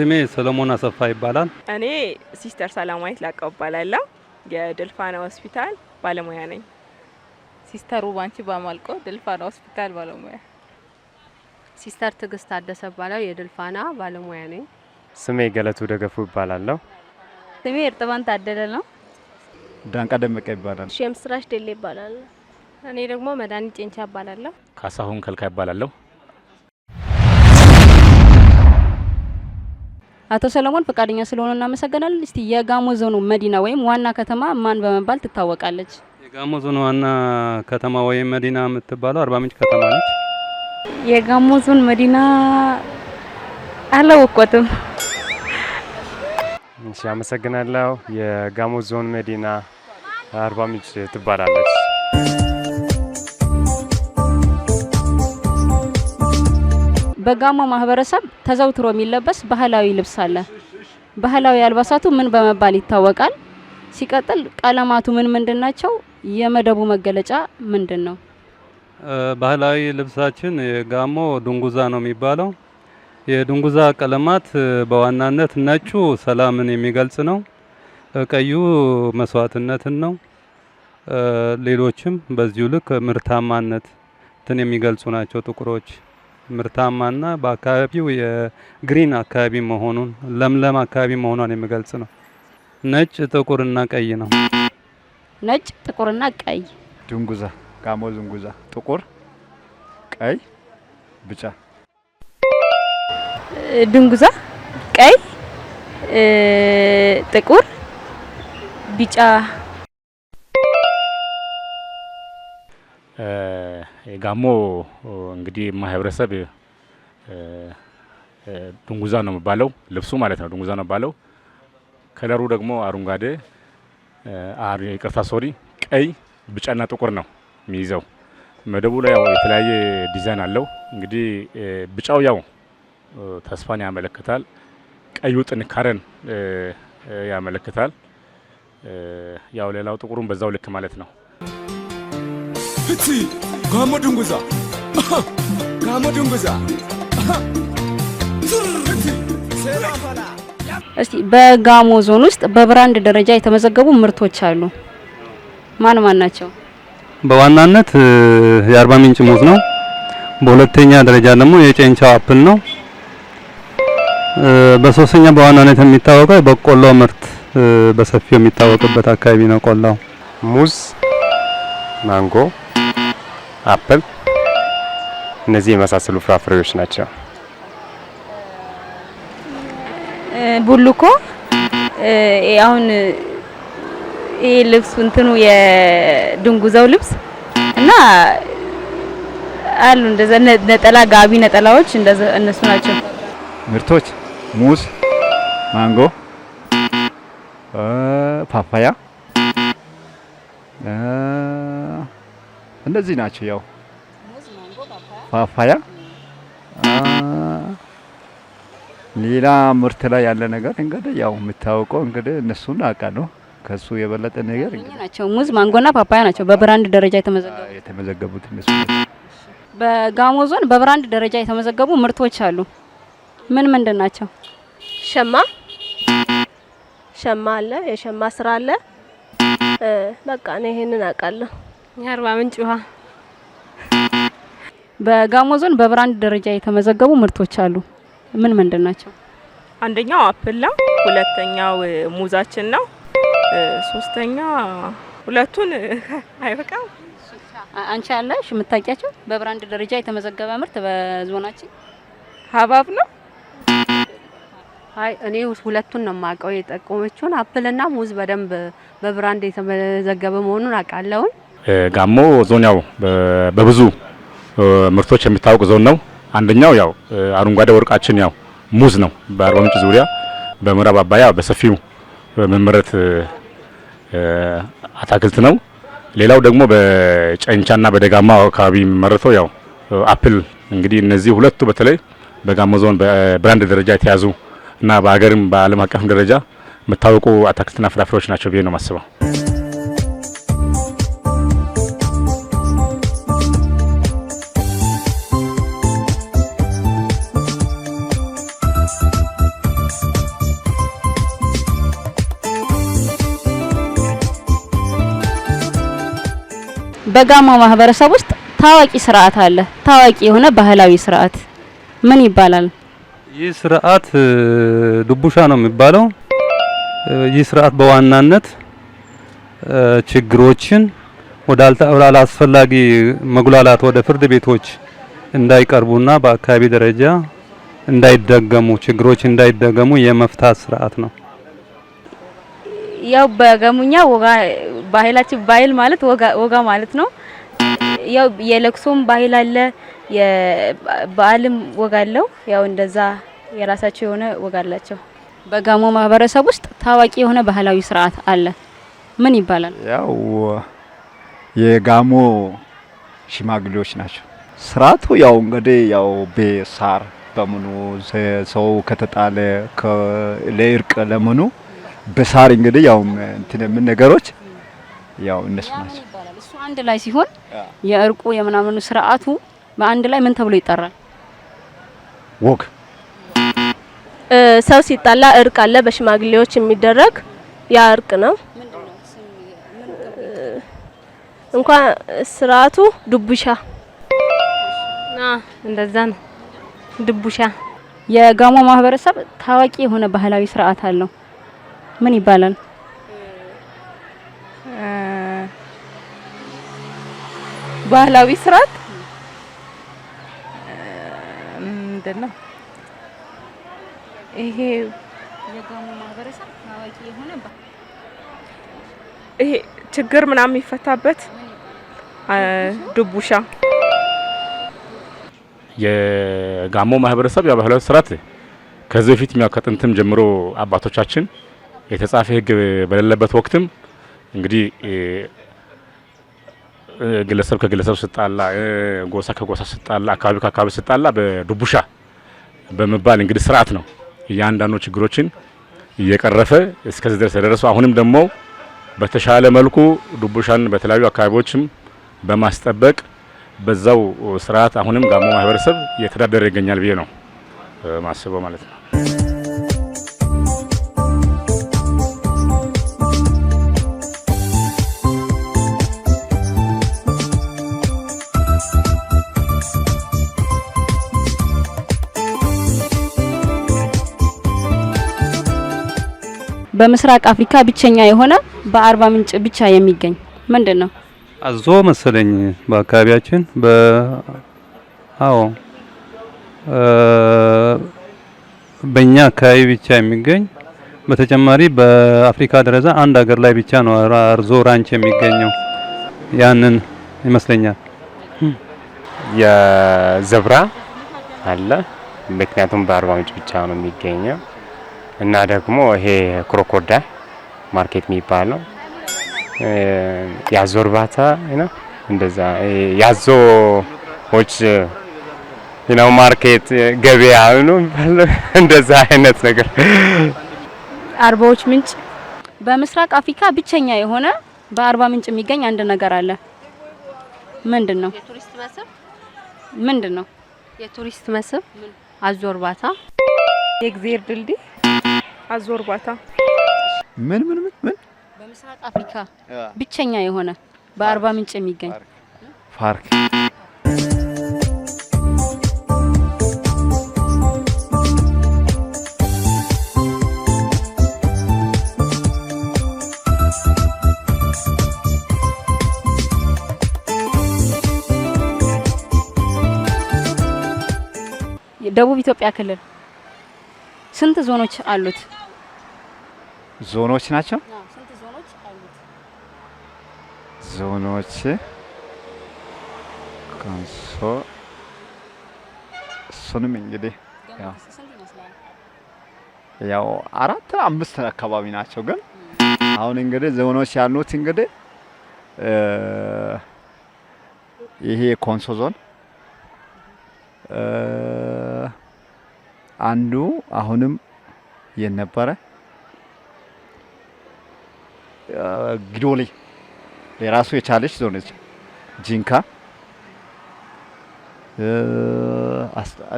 ስሜ ሰለሞን አሰፋ ይባላል። እኔ ሲስተር ሰላማዊት ላቀው እባላለሁ። የድልፋና ሆስፒታል ባለሙያ ነኝ። ሲስተር ውባንቺ ባማልቆ ድልፋና ሆስፒታል ባለሙያ። ሲስተር ትግስት ታደሰ እባላለሁ። የድልፋና ባለሙያ ነኝ። ስሜ ገለቱ ደገፉ ይባላለሁ። ስሜ እርጥባን ታደለ ነው። ዳንቃ ደመቀ ይባላል። ስራሽ ደሌ ይባላል። እኔ ደግሞ መድኃኒት ጨንቻ እባላለሁ። ካሳሁን ከልካ ይባላለሁ። አቶ ሰለሞን ፈቃደኛ ስለሆነ እናመሰግናለን። እስቲ የጋሞ ዞኑ መዲና ወይም ዋና ከተማ ማን በመባል ትታወቃለች? የጋሞ ዞኑ ዋና ከተማ ወይም መዲና የምትባለው አርባ ምንጭ ከተማ ነች። የጋሞ ዞን መዲና አላወቅኳትም። እሺ፣ አመሰግናለሁ። የጋሞ ዞን መዲና አርባ ምንጭ ትባላለች። በጋሞ ማህበረሰብ ተዘውትሮ የሚለበስ ባህላዊ ልብስ አለ። ባህላዊ አልባሳቱ ምን በመባል ይታወቃል? ሲቀጥል ቀለማቱ ምን ምንድን ናቸው? የመደቡ መገለጫ ምንድን ነው? ባህላዊ ልብሳችን የጋሞ ዱንጉዛ ነው የሚባለው። የዱንጉዛ ቀለማት በዋናነት ነጩ ሰላምን የሚገልጽ ነው። ቀዩ መስዋዕትነትን ነው። ሌሎችም በዚሁ ልክ ምርታማነት ትን የሚገልጹ ናቸው። ጥቁሮች ምርታማና በአካባቢው የግሪን አካባቢ መሆኑን ለምለም አካባቢ መሆኗን የሚገልጽ ነው። ነጭ ጥቁርና ቀይ ነው። ነጭ ጥቁርና ቀይ ድንጉዛ ጋሞ ዝንጉዛ ጥቁር፣ ቀይ፣ ቢጫ ድንጉዛ ቀይ፣ ጥቁር፣ ቢጫ የጋሞ እንግዲህ ማህበረሰብ ድንጉዛ ነው የሚባለው፣ ልብሱ ማለት ነው። ድንጉዛ ነው የሚባለው። ከለሩ ደግሞ አረንጓዴ፣ ይቅርታ ሶሪ፣ ቀይ፣ ቢጫና ጥቁር ነው የሚይዘው። መደቡ ላይ ያው የተለያየ ዲዛይን አለው። እንግዲህ ቢጫው ያው ተስፋን ያመለክታል። ቀዩ ጥንካሬን ያመለክታል። ያው ሌላው ጥቁሩን በዛው ልክ ማለት ነው። ጋሞ ድንጉዛ ጋሞ ድንጉዛ። እስቲ በጋሞ ዞን ውስጥ በብራንድ ደረጃ የተመዘገቡ ምርቶች አሉ። ማን ማን ናቸው? በዋናነት የአርባ ምንጭ ሙዝ ነው። በሁለተኛ ደረጃ ደግሞ የጨንቻው አፕል ነው። በሶስተኛ በዋናነት የሚታወቀው የበቆሎ ምርት በሰፊው የሚታወቅበት አካባቢ ነው። ቆላው ሙዝ፣ ማንጎ አፕል እነዚህ የመሳሰሉ ፍራፍሬዎች ናቸው። ቡሉኮ አሁን ይሄ ልብስ እንትኑ የድንጉዘው ልብስ እና አሉ እንደዛ ነጠላ ጋቢ ነጠላዎች እንደዛ እነሱ ናቸው ምርቶች ሙዝ፣ ማንጎ፣ ፓፓያ እነዚህ ናቸው። ያው ፓፓያ። ሌላ ምርት ላይ ያለ ነገር እንግዲህ ያው የምታወቀው እንግዲህ እነሱን ነው። ከሱ የበለጠ ነገር ናቸው። ሙዝ ማንጎና ፓፓያ ናቸው በብራንድ ደረጃ የተመዘገቡት። እነሱ በጋሞ ዞን በብራንድ ደረጃ የተመዘገቡ ምርቶች አሉ። ምን ምንድን ናቸው? ሸማ ሸማ አለ፣ የሸማ ስራ አለ። በቃ ነው ይሄንን አውቃለሁ። የአርባ ምንጭ ውሃ። በጋሞ ዞን በብራንድ ደረጃ የተመዘገቡ ምርቶች አሉ። ምን ምንድን ናቸው? አንደኛው አፕል ነው። ሁለተኛው ሙዛችን ነው። ሶስተኛ ሁለቱን አይበቃም። አንቺ አለሽ የምታውቂያቸው በብራንድ ደረጃ የተመዘገበ ምርት በዞናችን ሀባብ ነው። አይ እኔ ሁለቱን ነው የማውቀው። የጠቆመችውን አፕልና ሙዝ በደንብ በብራንድ የተመዘገበ መሆኑን አውቃለሁኝ። ጋሞ ዞን ያው በብዙ ምርቶች የሚታወቅ ዞን ነው። አንደኛው ያው አረንጓዴ ወርቃችን ያው ሙዝ ነው። በአርባ ምንጭ ዙሪያ በምዕራብ አባያ በሰፊው መመረት አታክልት ነው። ሌላው ደግሞ በጨንቻና በደጋማ አካባቢ የሚመረተው ያው አፕል። እንግዲህ እነዚህ ሁለቱ በተለይ በጋሞ ዞን በብራንድ ደረጃ የተያዙ እና በሀገርም በዓለም አቀፍ ደረጃ የምታወቁ አታክልትና ፍራፍሬዎች ናቸው ብዬ ነው የማስበው። በጋማ ማህበረሰብ ውስጥ ታዋቂ ስርዓት አለ። ታዋቂ የሆነ ባህላዊ ስርዓት ምን ይባላል? ይህ ስርዓት ዱቡሻ ነው የሚባለው። ይህ ስርዓት በዋናነት ችግሮችን ወደ አላስፈላጊ መጉላላት ወደ ፍርድ ቤቶች እንዳይቀርቡና በአካባቢ ደረጃ እንዳይደገሙ ችግሮች እንዳይደገሙ የመፍታት ስርዓት ነው። ያው በገሙኛ ባህላችን ባህል ማለት ወጋ ማለት ነው። ያው የለቅሶም ባህል አለ፣ የበዓልም ወጋ አለው። ያው እንደዛ የራሳቸው የሆነ ወጋ አላቸው። በጋሞ ማህበረሰብ ውስጥ ታዋቂ የሆነ ባህላዊ ስርዓት አለ። ምን ይባላል? ያው የጋሞ ሽማግሌዎች ናቸው። ስርዓቱ ያው እንግዲህ ያው በሳር በምኑ ሰው ከተጣለ ለእርቅ ለምኑ በሳር እንግዲህ ያው እንትን ምን ነገሮች ያው እነሱ ናቸው። እሱ አንድ ላይ ሲሆን የእርቁ የምናምኑ ስርዓቱ በአንድ ላይ ምን ተብሎ ይጠራል? ወግ። ሰው ሲጣላ እርቅ አለ በሽማግሌዎች የሚደረግ ያ እርቅ ነው። እንኳን ስርዓቱ ድቡሻ እንደዛ ነው። ድቡሻ የጋሞ ማህበረሰብ ታዋቂ የሆነ ባህላዊ ስርዓት አለው። ምን ይባላል? ባህላዊ ስርዓት ምንድን ነው ይሄ? የጋሞ ማህበረሰብ ታዋቂ የሆነ ይሄ ችግር ምናምን የሚፈታበት ድቡሻ የጋሞ ማህበረሰብ ያው ባህላዊ ስርዓት ከዚህ በፊት ያው ከጥንትም ጀምሮ አባቶቻችን የተጻፈ ሕግ በሌለበት ወቅትም እንግዲህ ግለሰብ ከግለሰብ ስጣላ፣ ጎሳ ከጎሳ ስጣላ፣ አካባቢ ከአካባቢ ስጣላ በዱቡሻ በመባል እንግዲህ ስርዓት ነው እያንዳንዱ ችግሮችን እየቀረፈ እስከዚህ ድረስ የደረሰው። አሁንም ደግሞ በተሻለ መልኩ ዱቡሻን በተለያዩ አካባቢዎችም በማስጠበቅ በዛው ስርዓት አሁንም ጋሞ ማህበረሰብ እየተዳደረ ይገኛል ብዬ ነው ማስበው ማለት ነው። በምስራቅ አፍሪካ ብቸኛ የሆነ በአርባ ምንጭ ብቻ የሚገኝ ምንድን ነው? አዞ መሰለኝ በአካባቢያችን በ አዎ በእኛ አካባቢ ብቻ የሚገኝ በተጨማሪ በአፍሪካ ደረጃ አንድ ሀገር ላይ ብቻ ነው አርዞ ራንች የሚገኘው። ያንን ይመስለኛል የዘብራ አለ። ምክንያቱም በአርባ ምንጭ ብቻ ነው የሚገኘው። እና ደግሞ ይሄ ክሮኮዳይል ማርኬት የሚባለው ያዞ እርባታ ነው። እንደዛ ያዞዎች ነው ማርኬት ገበያ ነው እንደዛ አይነት ነገር አርባዎች ምንጭ በምስራቅ አፍሪካ ብቸኛ የሆነ በአርባ ምንጭ የሚገኝ አንድ ነገር አለ። ምንድን ነው? የቱሪስት መስህብ ምንድን ነው? የቱሪስት መስህብ አዞ እርባታ፣ የእግዜር ድልድይ አዞ እርባታ ምን ምን ምን ምን በምስራቅ አፍሪካ ብቸኛ የሆነ በአርባ ምንጭ የሚገኝ ፓርክ ደቡብ ኢትዮጵያ ክልል ስንት ዞኖች አሉት? ዞኖች ናቸው። ዞኖች ኮንሶ እሱንም እንግዲህ ያው አራት አምስት አካባቢ ናቸው። ግን አሁን እንግዲህ ዞኖች ያሉት እንግዲህ ይሄ ኮንሶ ዞን አንዱ አሁንም የነበረ ግዶሌ የራሱ የቻለች ዞነች ጂንካ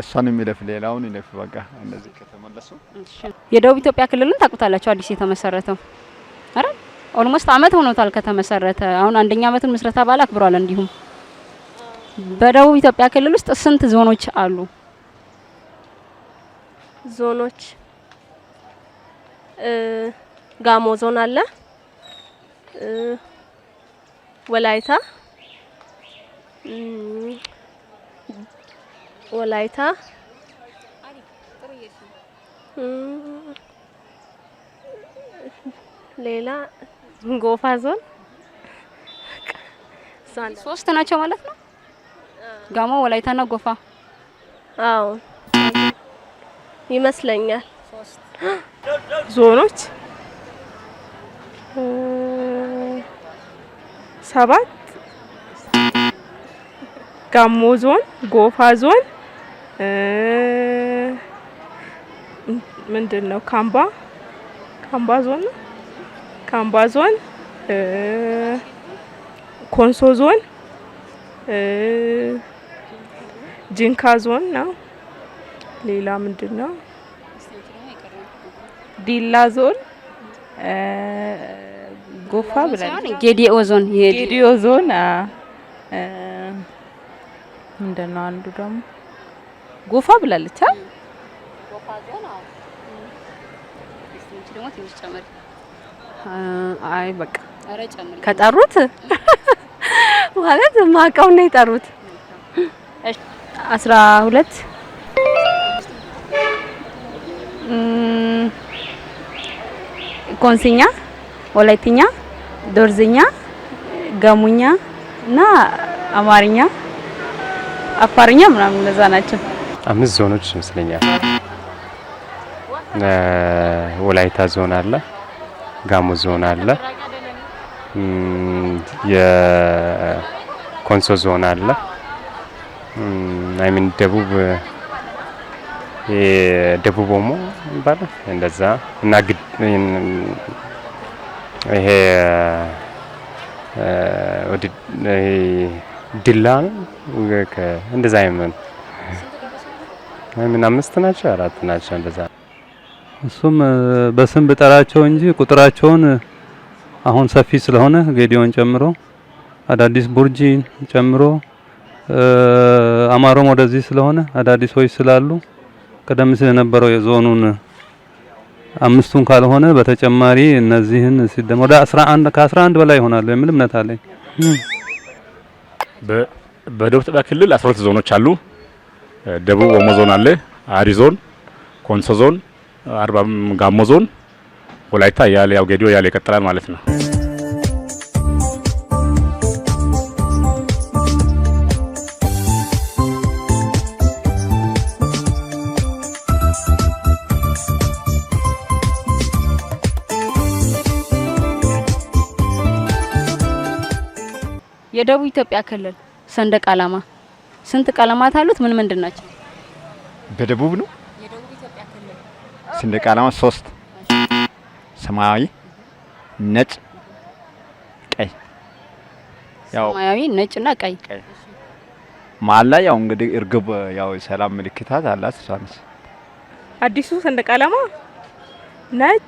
እሷን የሚለፍ ሌላውን ይለፍ። በቃ እነዚህ ከተመለሱ የደቡብ ኢትዮጵያ ክልልን ታውቁታላችሁ። አዲስ የተመሰረተው አረ ኦልሞስት አመት ሆኖታል ከተመሰረተ። አሁን አንደኛ አመቱን ምስረታ በዓል አክብሯል። እንዲሁም በደቡብ ኢትዮጵያ ክልል ውስጥ ስንት ዞኖች አሉ? ዞኖች ጋሞ ዞን አለ ወላይታ ወላይታ ሌላ ጎፋ ዞን ሶስት ናቸው ማለት ነው። ጋሞ እና ጎፋ አዎ ይመስለኛል ዞኖች ሰባት ጋሞ ዞን ጎፋ ዞን ምንድን ነው ካምባ ካምባ ዞን ነው ካምባ ዞን ኮንሶ ዞን ጂንካ ዞን ነው። ሌላ ምንድን ነው? ዲላ ዞን ጎፋ ብለን ጌዲኦ ዞን ጌዲኦ ዞን ምንድን ነው አንዱ ደግሞ ጎፋ ብላለች። ጎፋ ዞን ደግሞ ትንሽ ጨመሪ። አይ በቃ ከጠሩት ማለት ማቀው ነው የጠሩት። አስራ ሁለት ኮንሲኛ ወላይትኛ ዶርዝኛ፣ ጋሙኛ እና አማርኛ፣ አፋርኛ ምናምን እነዛ ናቸው። አምስት ዞኖች ይመስለኛል። ወላይታ ዞን አለ፣ ጋሞ ዞን አለ፣ የኮንሶ ዞን አለ። አይሚን ደቡብ ደቡብ ኦሞ ይባላል እንደዛ እና ይሄ ድላ ነው እንደዛ ምን አምስት ናቸው አራት ናቸው እንደዛ። እሱም በስም ብጠራቸው እንጂ ቁጥራቸውን አሁን ሰፊ ስለሆነ ጌዲዮን ጨምሮ አዳዲስ ቡርጂ ጨምሮ አማሮም ወደዚህ ስለሆነ አዳዲሶች ስላሉ ቀደም ሲል የነበረው የዞኑን አምስቱን ካልሆነ በተጨማሪ እነዚህን ሲደመ ወደ 11 ከ11 በላይ ይሆናሉ የሚል እምነት አለኝ። በደቡብ ኢትዮጵያ ክልል 12 ዞኖች አሉ። ደቡብ ኦሞ ዞን አለ፣ አሪ ዞን፣ ኮንሶ ዞን፣ አርባም ጋሞ ዞን፣ ወላይታ ያለ ያው ጌዲዮ ያለ ይቀጥላል ማለት ነው። የደቡብ ኢትዮጵያ ክልል ሰንደቅ ዓላማ ስንት ቀለማት አሉት? ምን ምንድን ናቸው? በደቡብ ነው የደቡብ ኢትዮጵያ ክልል ሰንደቅ ዓላማ ሶስት፣ ሰማያዊ፣ ነጭ፣ ቀይ። ያው ሰማያዊ፣ ነጭ እና ቀይ። መሀል ላይ ያው እንግዲህ እርግብ ያው ሰላም ምልክታት አላት። እሷ አዲሱ ሰንደቅ ዓላማ ነጭ፣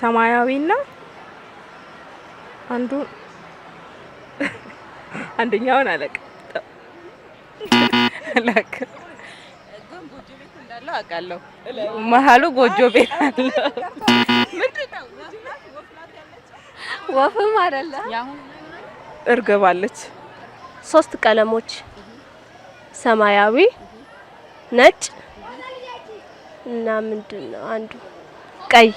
ሰማያዊና አንዱ አንደኛውን አለቅ አለቅ መሀሉ ጎጆ ቤት አለ። ወፍም አይደለ እርግብ ሶስት ቀለሞች ሰማያዊ፣ ነጭ እና ምንድን ነው አንዱ ቀይ።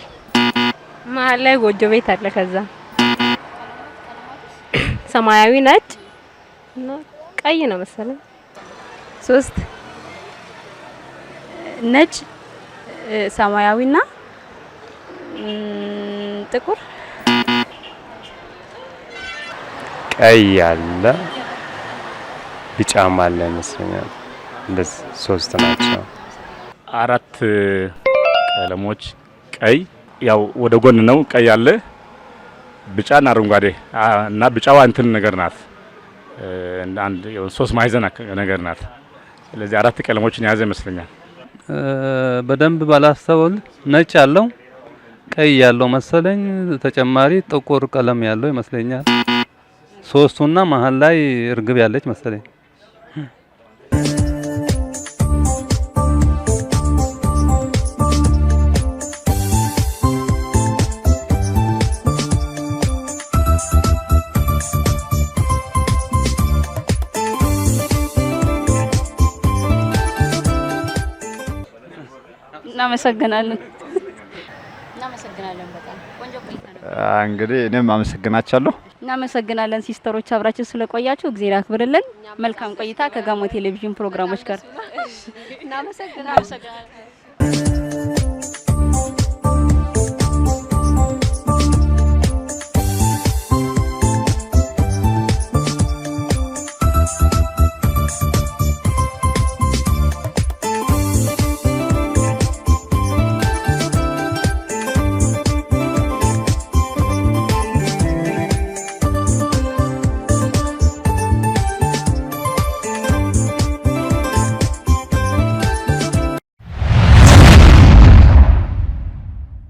መሀል ላይ ጎጆ ቤት አለ። ከዛ ሰማያዊ፣ ነጭ እና ቀይ ነው መሰለኝ። ሶስት ነጭ፣ ሰማያዊና ጥቁር። ቀይ አለ ቢጫም አለ ይመስለኛል። እንደዚህ ሶስት ናቸው። አራት ቀለሞች ቀይ ያው ወደ ጎን ነው። ቀይ አለ ቢጫና አረንጓዴ እና ቢጫዋ እንትን ነገር ናት አንድ ሶስት ማዕዘን ነገር ናት። ስለዚህ አራት ቀለሞችን የያዘ ይመስለኛል። በደንብ ባላስተውል ነጭ ያለው ቀይ ያለው መሰለኝ፣ ተጨማሪ ጥቁር ቀለም ያለው ይመስለኛል። ሶስቱና መሀል ላይ እርግብ ያለች መሰለኝ። እናመሰግናለን። እንግዲህ እኔም አመሰግናችኋለሁ። እናመሰግናለን ሲስተሮች፣ አብራችሁ ስለቆያችሁ እግዜር ያክብርልን። መልካም ቆይታ ከጋሞ ቴሌቪዥን ፕሮግራሞች ጋር እናመሰግናለን።